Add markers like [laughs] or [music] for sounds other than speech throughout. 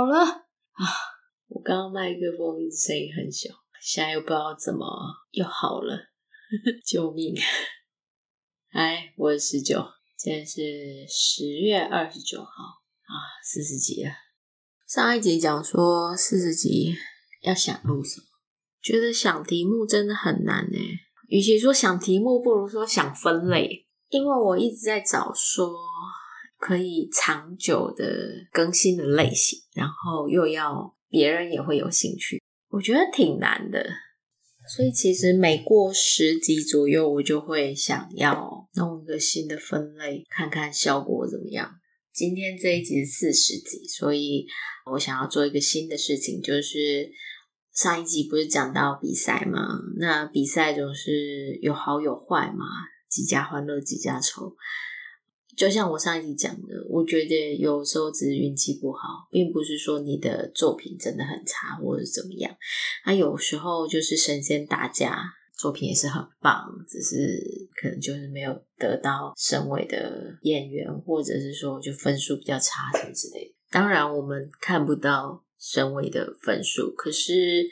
好了啊！我剛剛麥克風聲音很小，現在又不知道怎麼又好了，呵呵救命！哎，我是十九，是十九，現在是十月二十九號啊，四十集了。上一集講說四十集要想錄什麼，覺得想題目真的很難呢、欸。與其說想題目，不如說想分類，因為我一直在找說。可以長久的更新的類型，然後又要別人也會有興趣，我覺得挺難的。所以其實每過十集左右，我就會想要弄一個新的分類，看看效果怎麼樣。今天這一集是四十集，所以我想要做一個新的事情，就是上一集不是講到比賽嘛？那比賽總是有好有壞嘛，幾家歡樂幾家愁。就像我上一集講的，我覺得有時候只是運氣不好，並不是說你的作品真的很差或者怎麼樣。那、啊、有時候就是神仙打架，作品也是很棒，只是可能就是沒有得到審委的眼緣，或者是說就分數比較差什麼之類的。當然，我們看不到審委的分數，可是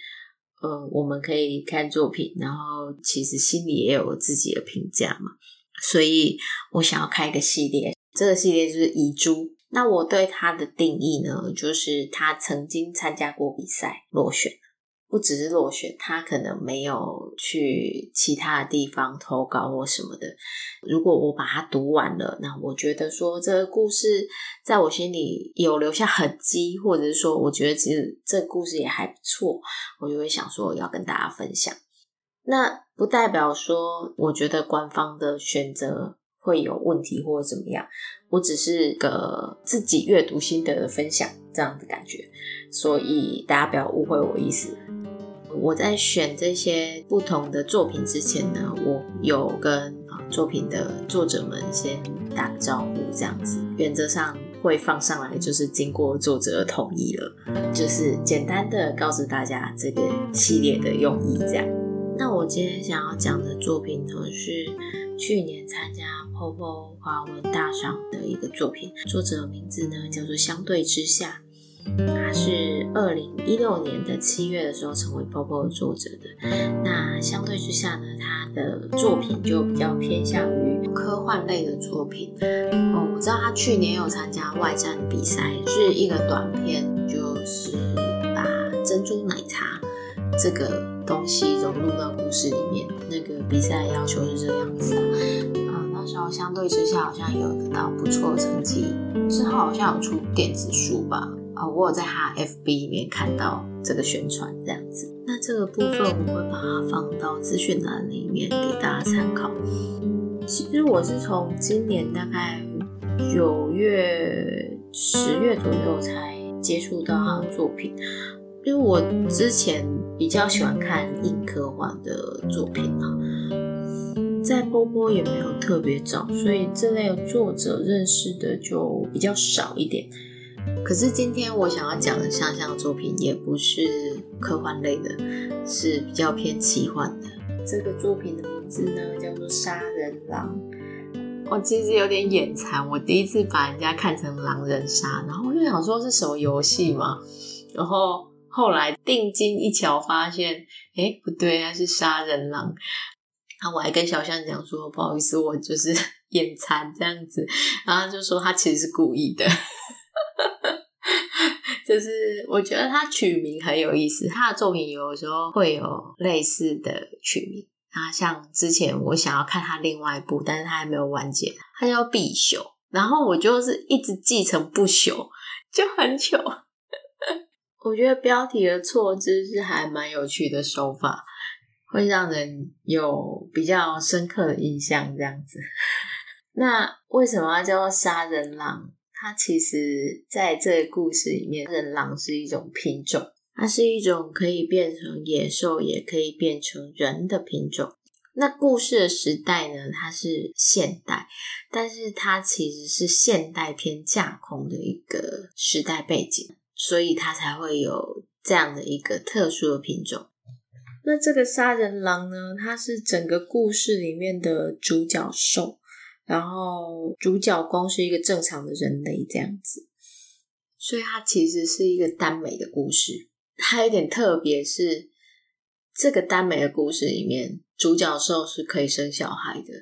呃，我們可以看作品，然後其實心裡也有自己的評價嘛。所以我想要開一個系列，這個系列就是遺珠。那我對他的定義呢，就是他曾經參加過比賽落選，不只是落選，他可能沒有去其他的地方投稿或什麼的。如果我把它讀完了，那我覺得說，這個故事在我心裡有留下痕跡，或者是說我覺得其實這故事也還不錯，我就會想說要跟大家分享。那不代表說，我覺得官方的選擇會有問題或者怎麼樣。我只是個自己閱讀心得的分享，這樣的感覺。所以大家不要誤會我意思。我在選這些不同的作品之前呢，我有跟啊作品的作者們先打個招呼，這樣子，原則上會放上來就是經過作者同意了，就是簡單的告訴大家這個系列的用意這樣。那我今天想要講的作品呢，是去年參加 POPO 華文大賞的一個作品。作者的名字呢叫做相對之下，他是二零一六年的七月的時候成為 POPO 作者的。那相對之下呢，他的作品就比較偏向於科幻類的作品。哦，我知道他去年有參加外戰比賽，是一個短片，就是把珍珠奶茶這個。東西融入到故事裡面。那個比賽要求是這樣子啊，啊、嗯，那時候相對之下好像有得到不錯的成績。之後好，好像有出電子書吧，啊、嗯，我有在他 FB 裡面看到這個宣傳這樣子。那這個部分我會把它放到資訊欄裡面給大家參考，嗯。其實我是從今年大概九月、十月左右才接觸到他的作品，因為我之前。比較喜歡看硬科幻的作品啊，在波波也沒有特別找，所以這類作者認識的就比較少一點。可是今天我想要講的像像的作品也不是科幻類的，是比較偏奇幻的。這個作品的名字呢叫做《殺人狼》，我其實有點眼殘，我第一次把人家看成狼人殺，然後我就想說是什麼遊戲嘛，然後。後來定睛一瞧，發現哎不對、啊，他是殺人狼。然、啊、後我還跟小象講說，不好意思，我就是眼殘，這樣子。然後就說他其實是故意的， [laughs] 就是我覺得他取名很有意思。他的作品有的時候會有類似的取名，啊，像之前我想要看他另外一部，但是他還沒有完結，他叫《必修》，然後我就是一直記成《不朽》，就很糗。我覺得標題的措辭是還蠻有趣的手法，會讓人有比較深刻的印象。這樣子， [laughs] 那為什麼叫做殺人狼？它其實在這個故事裡面，人狼是一種品種，它是一種可以變成野獸，也可以變成人的品種。那故事的時代呢？它是現代，但是它其實是現代偏架空的一個時代背景。所以他才會有這樣的一個特殊的品種。那這個殺人狼呢？它是整個故事裡面的主角獸，然後主角攻是一個正常的人類這樣子。所以它其實是一個耽美的故事。它有點特別是，是這個耽美的故事裡面，主角獸是可以生小孩的。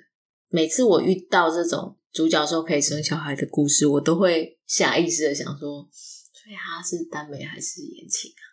每次我遇到這種主角獸可以生小孩的故事，我都會下意識地想說。所以他是耽美還是言情啊？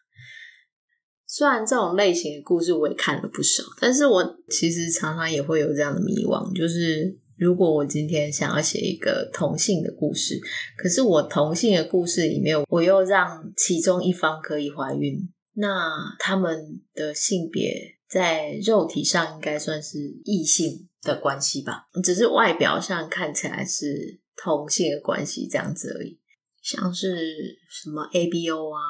雖然這種類型的故事我也看了不少，但是我其實常常也會有這樣的迷惘，就是如果我今天想要寫一個同性的故事，可是我同性的故事裡面，我又讓其中一方可以懷孕，那他們的性別在肉體上應該算是異性的關係吧？只是外表上看起來是同性的關係這樣子而已。像是什麼 ABO 啊，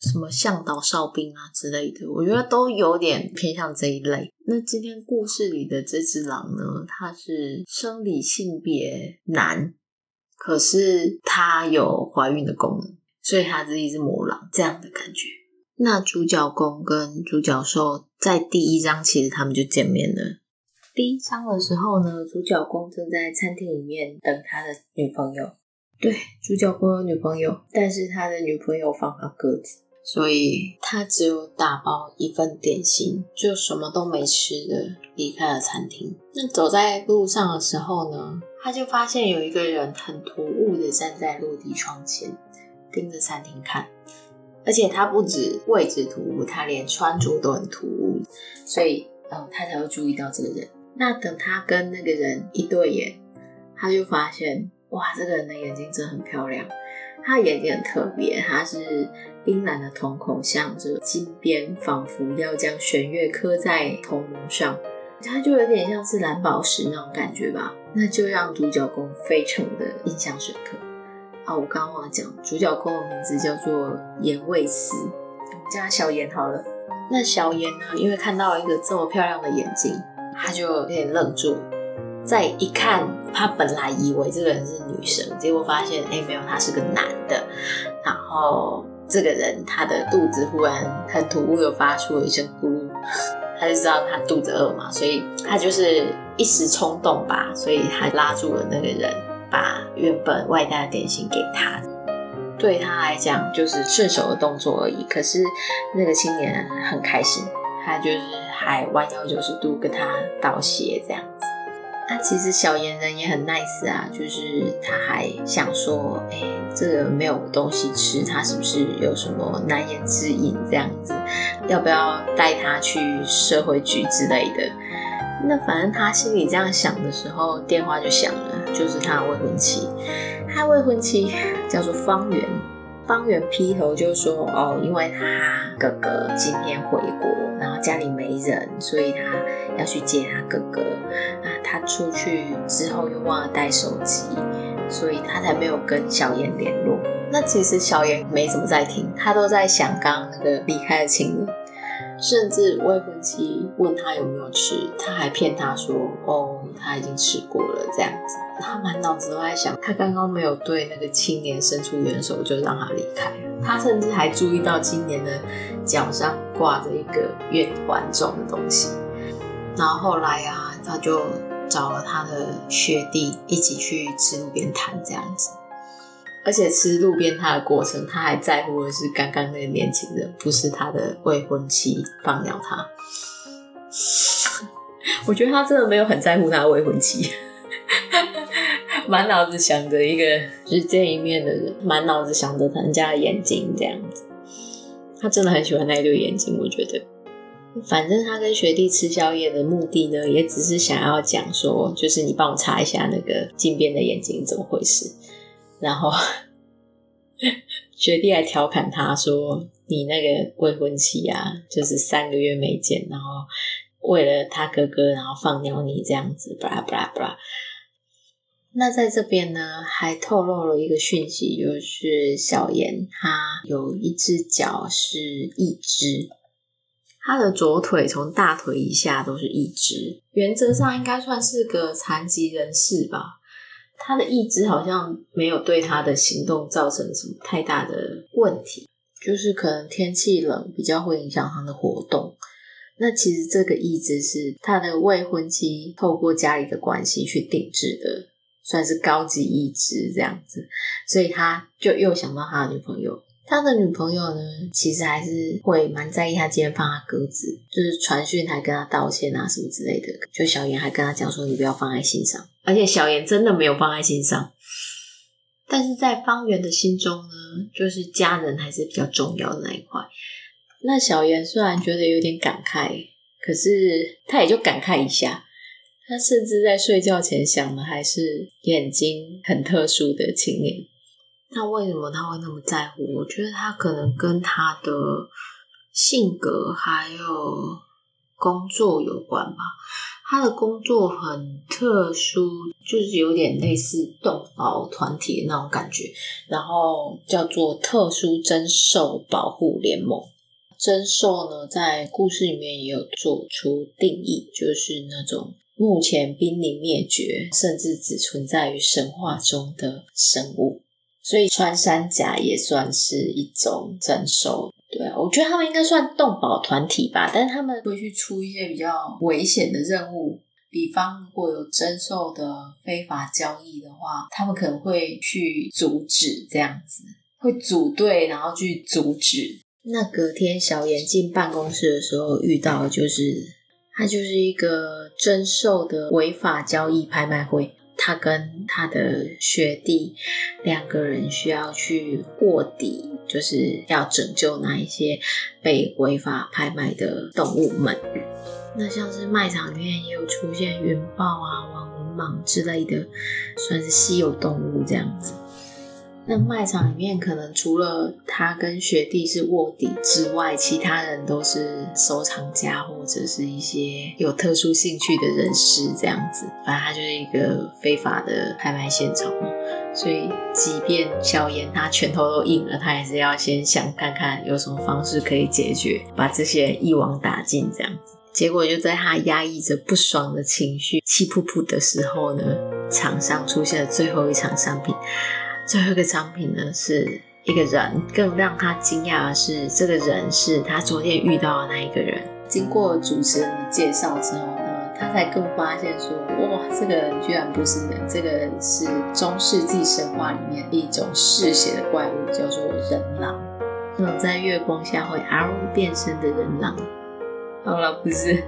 什麼嚮導哨兵啊之類的，我覺得都有點偏向這一類。那今天故事裡的這隻狼呢，它是生理性別男，可是它有懷孕的功能，所以它自己是一隻母狼這樣的感覺。那主角攻跟主角受在第一章其實他們就見面了。第一章的時候呢，主角攻正在餐廳裡面等他的女朋友。對，主角哥有女朋友，但是他的女朋友放他鴿子，所以他只有打包一份點心，就什麼都沒吃的離開了餐廳。那走在路上的時候呢，他就發現有一個人很突兀的站在落地窗前，盯着餐廳看，而且他不止位置突兀，他連穿着都很突兀，所以呃、嗯，他才會注意到這個人。那等他跟那個人一對眼，他就發現。哇，這個人的眼睛真的很漂亮，他的眼睛很特別，他是冰藍的瞳孔，像是金邊，仿佛要將弦月刻在瞳眸上，他就有點像是藍寶石那種感覺吧。那就讓主角公非常的印象深刻。啊，我剛剛忘了講，主角公的名字叫做嚴尉斯，我們叫他小嚴好了。那小嚴呢，因為看到了一個這麼漂亮的眼睛，他就有點愣住了。再一看，他本來以為這個人是女生，結果發現哎、欸，沒有，他是個男的。然後這個人他的肚子忽然很，很突兀，又發出了一聲咕，他就知道他肚子餓嘛，所以他就是一時衝動吧，所以他拉住了那個人，把原本外帶的點心給他。對他來講就是順手的動作而已。可是那個青年很開心，他就是還彎腰九十度跟他道謝這樣子。那其實小嚴，人也很 nice 啊,就是他還想說，哎、欸，這個沒有東西吃，他是不是有什麼難言之隱這樣子？要不要帶他去社會局之類的？那反正他心裡這樣想的時候，電話就響了，就是他的未婚妻。他未婚妻叫做方圓，方圓劈頭就說，哦，因為他哥哥今天回國，然後。家裡沒人，所以他要去接他哥哥。那他出去之後又忘了帶手機，所以他才沒有跟小燕聯絡。那其實小燕沒怎麼在聽，他都在想剛剛那個離開的青年，甚至未婚妻問他有沒有吃，他還騙他說：“哦，他已經吃過了。”這樣子，他滿腦子都在想，他剛剛沒有對那個青年伸出援手，就讓他離開。他甚至還注意到青年的腳上……掛着一個圓環狀的東西，然後後來啊，他就找了他的學弟一起去吃路邊攤這樣子，而且吃路邊攤的過程，他還在乎的是剛剛那個年輕人，不是他的未婚妻放鳥他。 [laughs] 我覺得他真的沒有很在乎他的未婚妻，滿 [laughs] 腦子想着一個就是見一面的人，滿腦子想着他人家的眼睛這樣子。他真的很喜歡那一對眼睛，我覺得。反正他跟學弟吃宵夜的目的呢，也只是想要講說，就是你幫我查一下那個鏡邊的眼睛怎麼回事。然後學弟還調侃他說：“你那個未婚妻啊，就是三個月沒見，然後為了他哥哥，然後放尿你這樣子，巴拉巴拉巴拉。”那在這邊呢，還透露了一個訊息，就是小嚴他有一隻腳是義肢，他的左腿從大腿以下都是義肢，原則上應該算是個殘疾人士吧。他的義肢好像沒有對他的行動造成什麼太大的問題，就是可能天氣冷比較會影響他的活動。那其實這個義肢是他的未婚妻透過家裡的關係去定製的。算是高級一職這樣子，所以他就又想到他的女朋友。他的女朋友呢，其實還是會蠻在意他今天放他鴿子，就是傳訊還跟他道歉啊什麼之類的。就小嚴還跟他講說：“你不要放在心上。”而且小嚴真的沒有放在心上。但是在方圓的心中呢，就是家人還是比較重要的那一塊。那小嚴雖然覺得有點感慨，可是他也就感慨一下。他甚至在睡覺前想的還是眼睛很特殊的青年。那為什麼他會那麼在乎？我覺得他可能跟他的性格還有工作有關吧。他的工作很特殊，就是有點類似動保團體的那種感覺，然後叫做特殊珍獸保護聯盟。珍獸呢，在故事裡面也有做出定義，就是那種。目前瀕臨滅絕，甚至只存在於神話中的生物，所以穿山甲也算是一種珍獸。對啊，我覺得他們應該算動保團體吧，但他們會去出一些比較危險的任務，比方如果有珍獸的非法交易的話，他們可能會去阻止這樣子，會組隊然後去阻止。那隔天小嚴進辦公室的時候遇到的就是，它就是一個珍獸的違法交易拍賣會，他跟他的學弟兩個人需要去臥底，就是要拯救那一些被違法拍賣的動物們。那像是賣場裡面也有出現雲豹啊、網紋蟒之類的，算是稀有動物這樣子。那賣場裡面可能除了他跟學弟是臥底之外，其他人都是收藏家或者是一些有特殊興趣的人士這樣子。反正他就是一個非法的拍賣現場，所以即便小嚴，他拳頭都硬了，他還是要先想看看有什麼方式可以解決，把這些一網打盡這樣子。結果就在他壓抑着不爽的情緒，氣噗噗的時候呢，場上出現了最後一場商品。最後一個獎品呢，是一個人。更讓他驚訝的是，這個人是他昨天遇到的那一個人。經過主持人的介紹之後呢，他才更發現說，哇，這個人居然不是人，這個人是中世紀神話裡面一種嗜血的怪物，叫做人狼。這種、嗯、在月光下會嗷嗚變身的人狼。好了，不是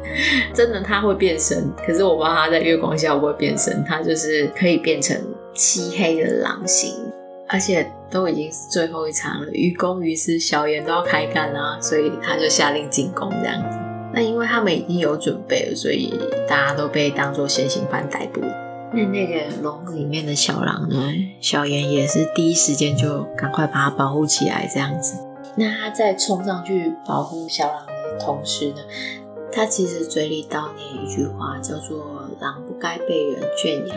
真的，他會變身。可是我怕他在月光下會不會變身，他就是可以變成漆黑的狼形。而且都已經是最後一場了，於公於私，小嚴都要開幹啊，所以他就下令進攻這樣子。那因為他們已經有準備了，所以大家都被當作現行犯逮捕。那那個籠裡面的小狼呢？小嚴也是第一時間就趕快把它保護起來這樣子。那他在衝上去保護小狼的同時呢，他其實嘴裡叨念一句話，叫做“狼不該被人圈養”。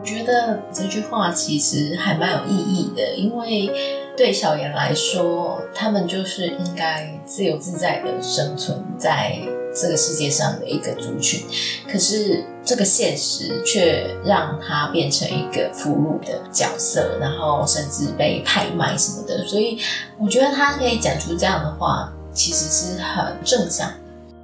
我覺得這句話其實還蠻有意義的，因為對小妍來說，他們就是應該自由自在的生存在這個世界上的一個族群，可是這個現實卻讓他變成一個俘虜的角色，然後甚至被拍賣什麼的。所以我覺得他可以講出這樣的話，其實是很正向。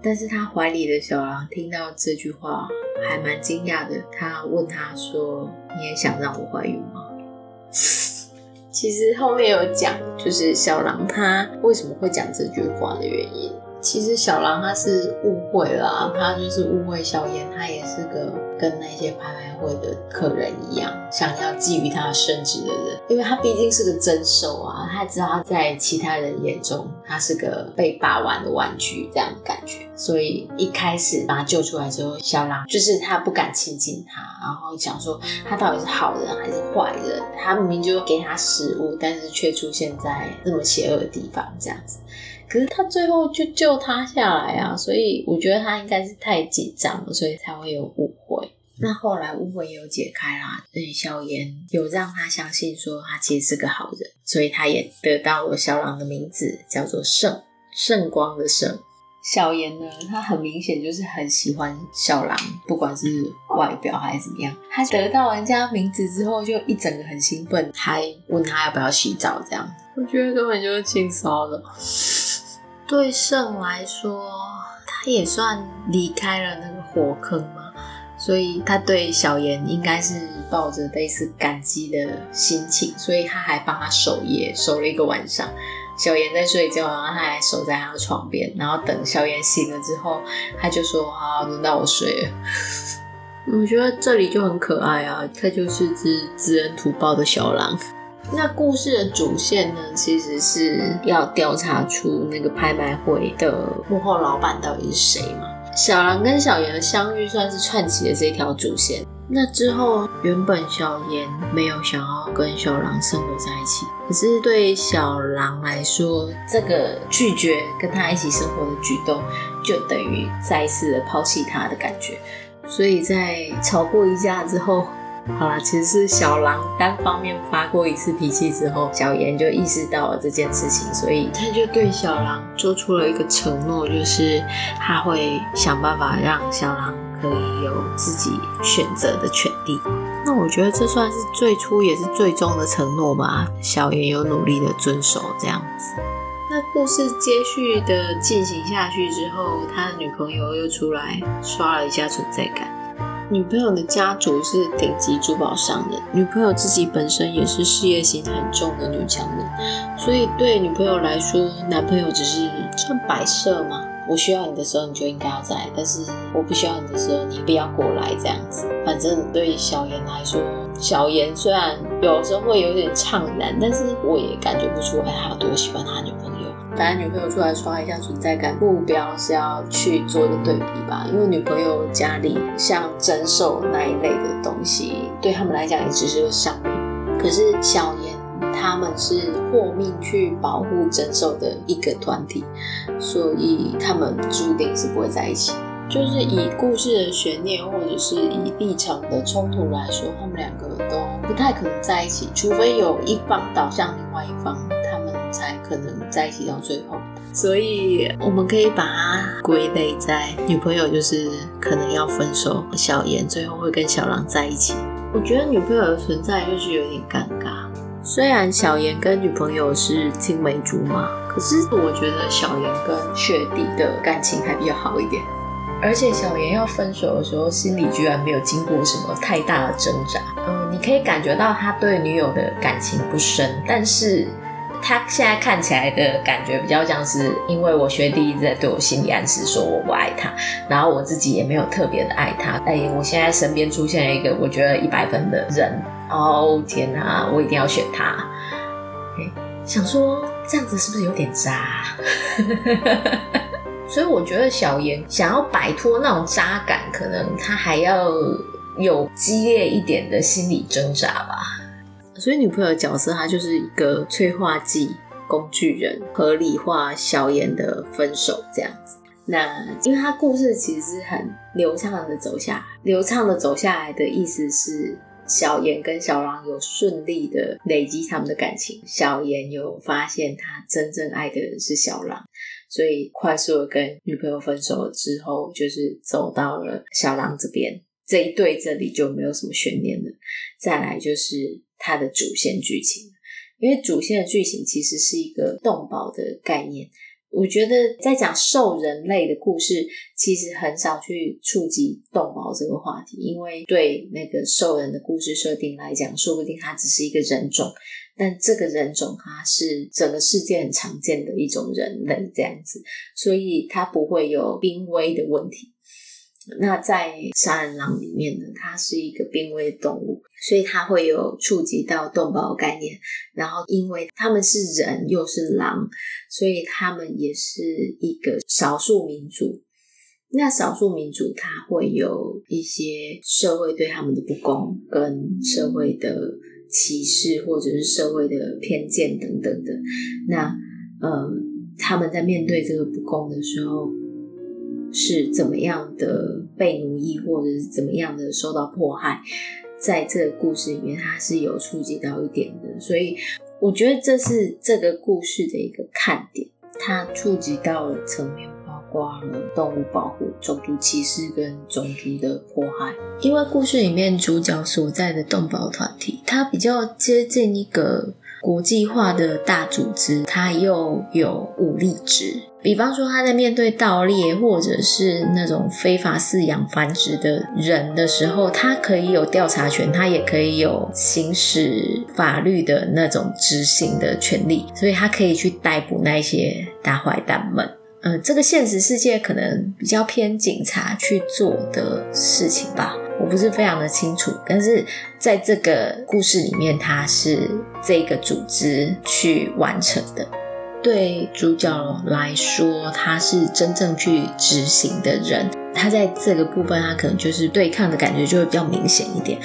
但是他懷裡的小狼聽到這句話，還蠻驚訝的。他問他說：“你也想讓我懷孕嗎？” [laughs] 其實後面有講，就是小狼他為什麼會講這句話的原因。其實小狼他是誤會了，他就是誤會小嚴，他也是個跟那些拍賣會的客人一樣，想要覬覦他升職的人，因為他畢竟是個珍獸啊。他知道他在其他人眼中，他是個被把玩的玩具，這樣的感覺。所以一開始把他救出來之後，小狼就是他不敢親近他，然後想說他到底是好人還是壞人。他明明就給他食物，但是卻出現在這麼邪惡的地方，這樣子。可是他最後就救他下來啊，所以我覺得他應該是太緊張了，所以才會有誤會。那後來誤會也有解開啦。對，小嚴有讓他相信說他其實是個好人，所以他也得到了小狼的名字，叫做聖聖光的聖。小嚴呢，他很明顯就是很喜歡小狼，不管是外表還是怎麼樣。他得到人家名字之後，就一整個很興奮，還問他要不要洗澡這樣。我覺得根本就是性騷擾的。對聖來說，他也算離開了那個火坑嗎？所以他對小嚴應該是抱着類似感激的心情，所以他還幫他守夜，守了一個晚上。小嚴在睡覺，然後他還守在他的床邊，然後等小嚴醒了之後，他就說：“啊，輪到我睡了。 [laughs] ”我覺得這裡就很可愛啊，他就是隻知恩圖報的小狼。那故事的主線呢，其實是要調查出那個拍賣會的幕後老闆到底是誰嘛？小狼跟小妍的相遇算是串起了這一條主線。那之後，原本小妍沒有想要跟小狼生活在一起，可是對小狼來說，這個拒絕跟他一起生活的舉動，就等於再一次的拋棄他的感覺。所以在吵過一架之後。好啦，其實是小狼單方面發過一次脾氣之後，小嚴就意識到了這件事情，所以他就對小狼做出了一個承諾，就是他會想辦法讓小狼可以有自己選擇的權利。那我覺得這算是最初也是最終的承諾吧。小嚴有努力的遵守這樣子。那故事接續的進行下去之後，他的女朋友又出來刷了一下存在感。女朋友的家族是頂級珠寶商人，女朋友自己本身也是事業心很重的女強人，所以對女朋友來說，男朋友只是算擺設嗎？我需要你的時候，你就應該要在，但是我不需要你的時候，你不要過來這樣子。反正對小嚴來說，小嚴雖然有時候會有點悵然，但是我也感覺不出來他有多喜歡他女朋友。反正女朋友出來刷一下存在感，目標是要去做一個對比吧。因為女朋友家裡像整首那一類的東西，對他們來講也只是個商品。可是小炎他們是豁命去保護整首的一個團體，所以他們注定是不會在一起。就是以故事的懸念，或者是以立場的衝突來說，他們兩個都不太可能在一起，除非有一方倒向另外一方，他們。才可能在一起到最後，所以我們可以把它歸類在女朋友就是可能要分手。小嚴最後會跟小狼在一起，我覺得女朋友的存在就是有點尷尬。雖然小嚴跟女朋友是青梅竹馬，可是我覺得小嚴跟雪弟的感情還比較好一點。而且小嚴要分手的時候，心裡居然沒有經過什麼太大的掙扎。嗯，你可以感覺到他對女友的感情不深，但是。他現在看起來的感覺比較像是，因為我學弟一直在對我心理暗示說我不愛他，然後我自己也沒有特別的愛他。哎，我現在身邊出現了一個我覺得一百分的人，哦，天哪，啊，我一定要選他。想說這樣子是不是有點渣？ [laughs] 所以我覺得小嚴想要擺脫那種渣感，可能他還要有激烈一點的心理掙扎吧。所以女朋友的角色，她就是一個催化劑、工具人，合理化小嚴的分手這樣子。那因為她故事其實是很流暢的走下來，流暢的走下來的意思是，小嚴跟小狼有順利的累積他們的感情，小嚴有發現他真正愛的人是小狼，所以快速的跟女朋友分手了之後，就是走到了小狼這邊。這一對這裡就沒有什麼懸念了。再來就是。它的主線劇情，因為主線的劇情其實是一個動保的概念。我覺得在講獸人類的故事，其實很少去觸及動保這個話題，因為對那個獸人的故事設定來講，說不定它只是一個人種，但這個人種它是整個世界很常見的一種人類這樣子，所以它不會有瀕危的問題。那在殺人狼裡面呢，它是一個瀕危動物，所以它會有觸及到動保概念。然後，因為他們是人又是狼，所以他們也是一個少數民族。那少數民族他會有一些社會對他們的不公，跟社會的歧視或者是社會的偏見等等的。那呃，他們在面對這個不公的時候，是怎麼樣的被奴役，或者是怎麼樣的受到迫害，在這個故事裡面，它是有觸及到一點的，所以我覺得這是這個故事的一個看點，它觸及到了層面，包括了動物保護、種族歧視跟種族的迫害，因為故事裡面主角所在的動保團體，它比較接近一個。國際化的大組織，它又有武力值。比方說，他在面對盜獵或者是那種非法飼養繁殖的人的時候，他可以有調查權，他也可以有行使法律的那種執行的權利，所以他可以去逮捕那些大壞蛋們。呃，這個現實世界可能比較偏警察去做的事情吧。我不是非常的清楚，但是在這個故事裡面，他是這個組織去完成的。對主角來說，他是真正去執行的人。他在這個部分，他可能就是對抗的感覺就會比較明顯一點。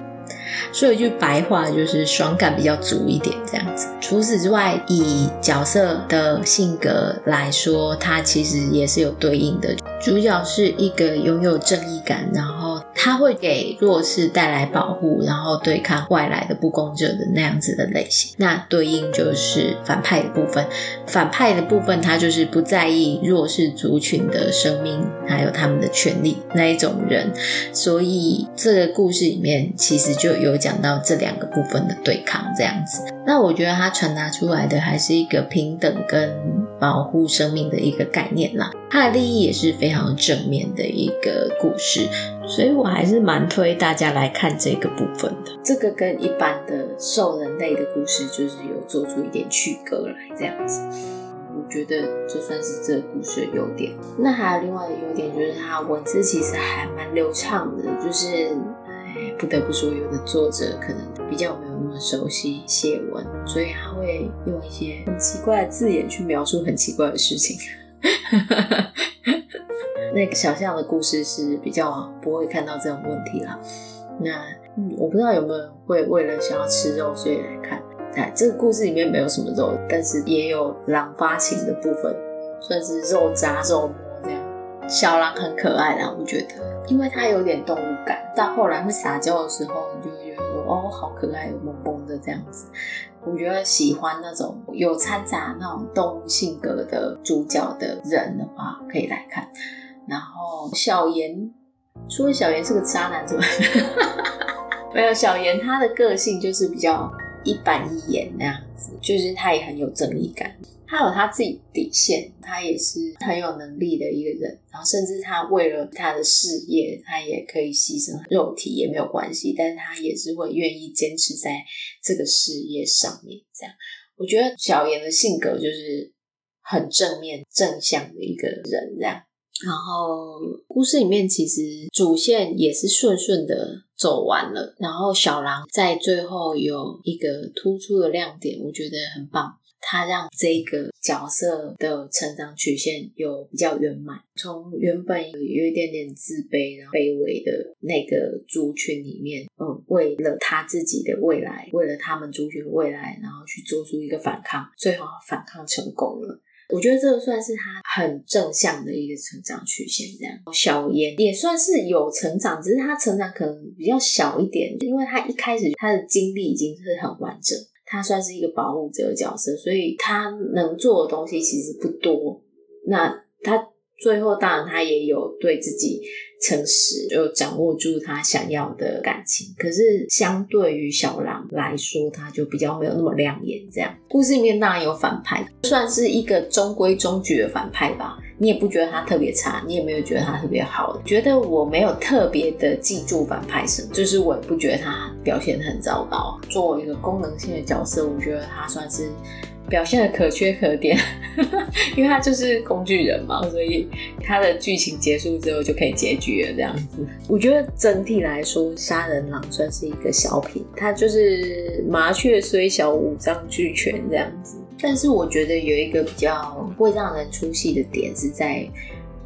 說一句白話，就是爽感比較足一點這樣子。除此之外，以角色的性格來說，他其實也是有對應的。主角是一個擁有正義感，然後。他會給弱勢帶來保護，然後對抗外來的不公者的那樣子的類型。那對應就是反派的部分。反派的部分，他就是不在意弱勢族群的生命還有他們的權利那一種人。所以這個故事裡面其實就有講到這兩個部分的對抗這樣子。那我覺得他傳達出來的還是一個平等跟保護生命的一個概念啦。它的立意也是非常正面的一個故事。所以，我還是蠻推大家來看這個部分的。這個跟一般的獸人類的故事，就是有做出一點區隔來，這樣子。我覺得就算是這個故事的優點。那還有另外的優點，就是它文字其實還蠻流暢的。就是，不得不說，有的作者可能比較沒有那麼熟悉寫文，所以他會用一些很奇怪的字眼去描述很奇怪的事情。哈， [laughs] 那個小象的故事是比較不會看到這種問題啦。那、嗯、我不知道有沒有人會為了想要吃肉，所以來看。哎，這個故事裡面沒有什麼肉，但是也有狼發情的部分，算是肉渣肉末這樣。小狼很可愛啦，我覺得，因為它有點動物感，到後來會撒嬌的時候。哦，好可愛，萌萌的這樣子。我覺得喜歡那種有摻雜那種動物性格的主角的人的話，可以來看。然後小嚴，除了小嚴是個渣男是嗎？ [laughs] 沒有，小嚴他的個性就是比較一板一眼那樣子，就是他也很有正義感。他有他自己底線，他也是很有能力的一個人。然後，甚至他為了他的事業，他也可以犧牲肉體也沒有關係。但是他也是會願意堅持在這個事業上面。這樣，我覺得小嚴的性格就是很正面、正向的一個人。這樣，然後故事裡面其實主線也是順順的走完了。然後，小狼在最後有一個突出的亮點，我覺得很棒。他讓這個角色的成長曲線有比較圓滿，從原本有一點點自卑、然後卑微的那個族群裡面，嗯，為了他自己的未來，為了他們族群的未來，然後去做出一個反抗，最後反抗成功了。我覺得這個算是他很正向的一個成長曲線。這樣，小嚴也算是有成長，只是他成長可能比較小一點，因為他一開始他的經歷已經是很完整。他算是一個保護者的角色，所以他能做的東西其實不多。那他最後當然他也有對自己誠實，就掌握住他想要的感情。可是相對於小狼來說，他就比較沒有那麼亮眼這樣。故事裡面當然有反派，算是一個中規中矩的反派吧。你也不覺得他特別差，你也沒有覺得他特別好，覺得我沒有特別的記住反派什麼，就是我也不覺得他表現得很糟糕。做一個功能性的角色，我覺得他算是表現的可圈可點， [laughs] 因為他就是工具人嘛，所以他的劇情結束之後就可以結局了，這樣子。我覺得整體來說，《殺人狼》算是一個小品，他就是麻雀雖小，五臟俱全這樣子。但是我覺得有一個比較會讓人出戲的點是在，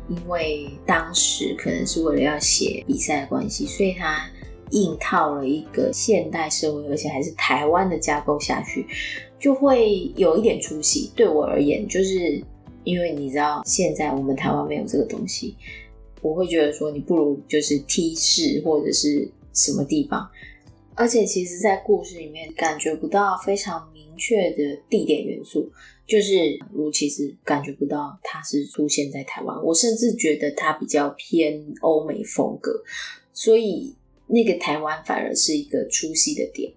因為當時可能是為了要寫比賽的關係，所以他硬套了一個現代社會，而且還是台灣的架構下去，就會有一點出戲。對我而言，就是因為你知道現在我們台灣沒有這個東西，我會覺得說你不如就是 T 市，或者是什麼地方，而且其實在故事裡面感覺不到非常。確的地點元素，就是我其實感覺不到它是出現在台灣，我甚至覺得它比較偏歐美風格，所以那個台灣反而是一個出戲的點。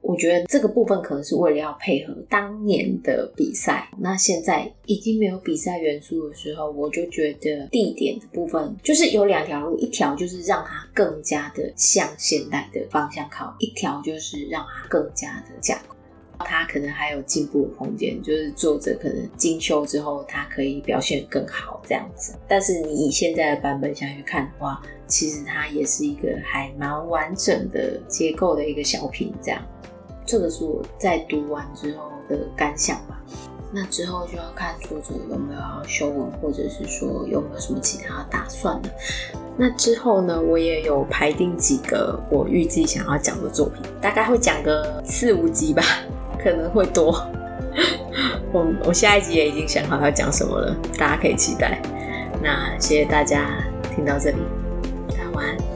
我覺得這個部分可能是為了要配合當年的比賽，那現在已經沒有比賽元素的時候，我就覺得地點的部分就是有兩條路，一條就是讓它更加的向現代的方向靠，一條就是讓它更加的加。它可能還有進步的空間，就是作者可能精修之後，它可以表現更好這樣子。但是你以現在的版本想去看的話，其實它也是一個還蠻完整的結構的一個小品。這樣，這個是我在讀完之後的感想吧。那之後就要看作者有沒有要修文，或者是說有沒有什麼其他的打算了。那之後呢，我也有排定幾個我預計想要講的作品，大概會講個四五集吧。可能會多， [laughs] 我我下一集也已經想好要講什麼了，大家可以期待。那謝謝大家聽到這裡，拜拜。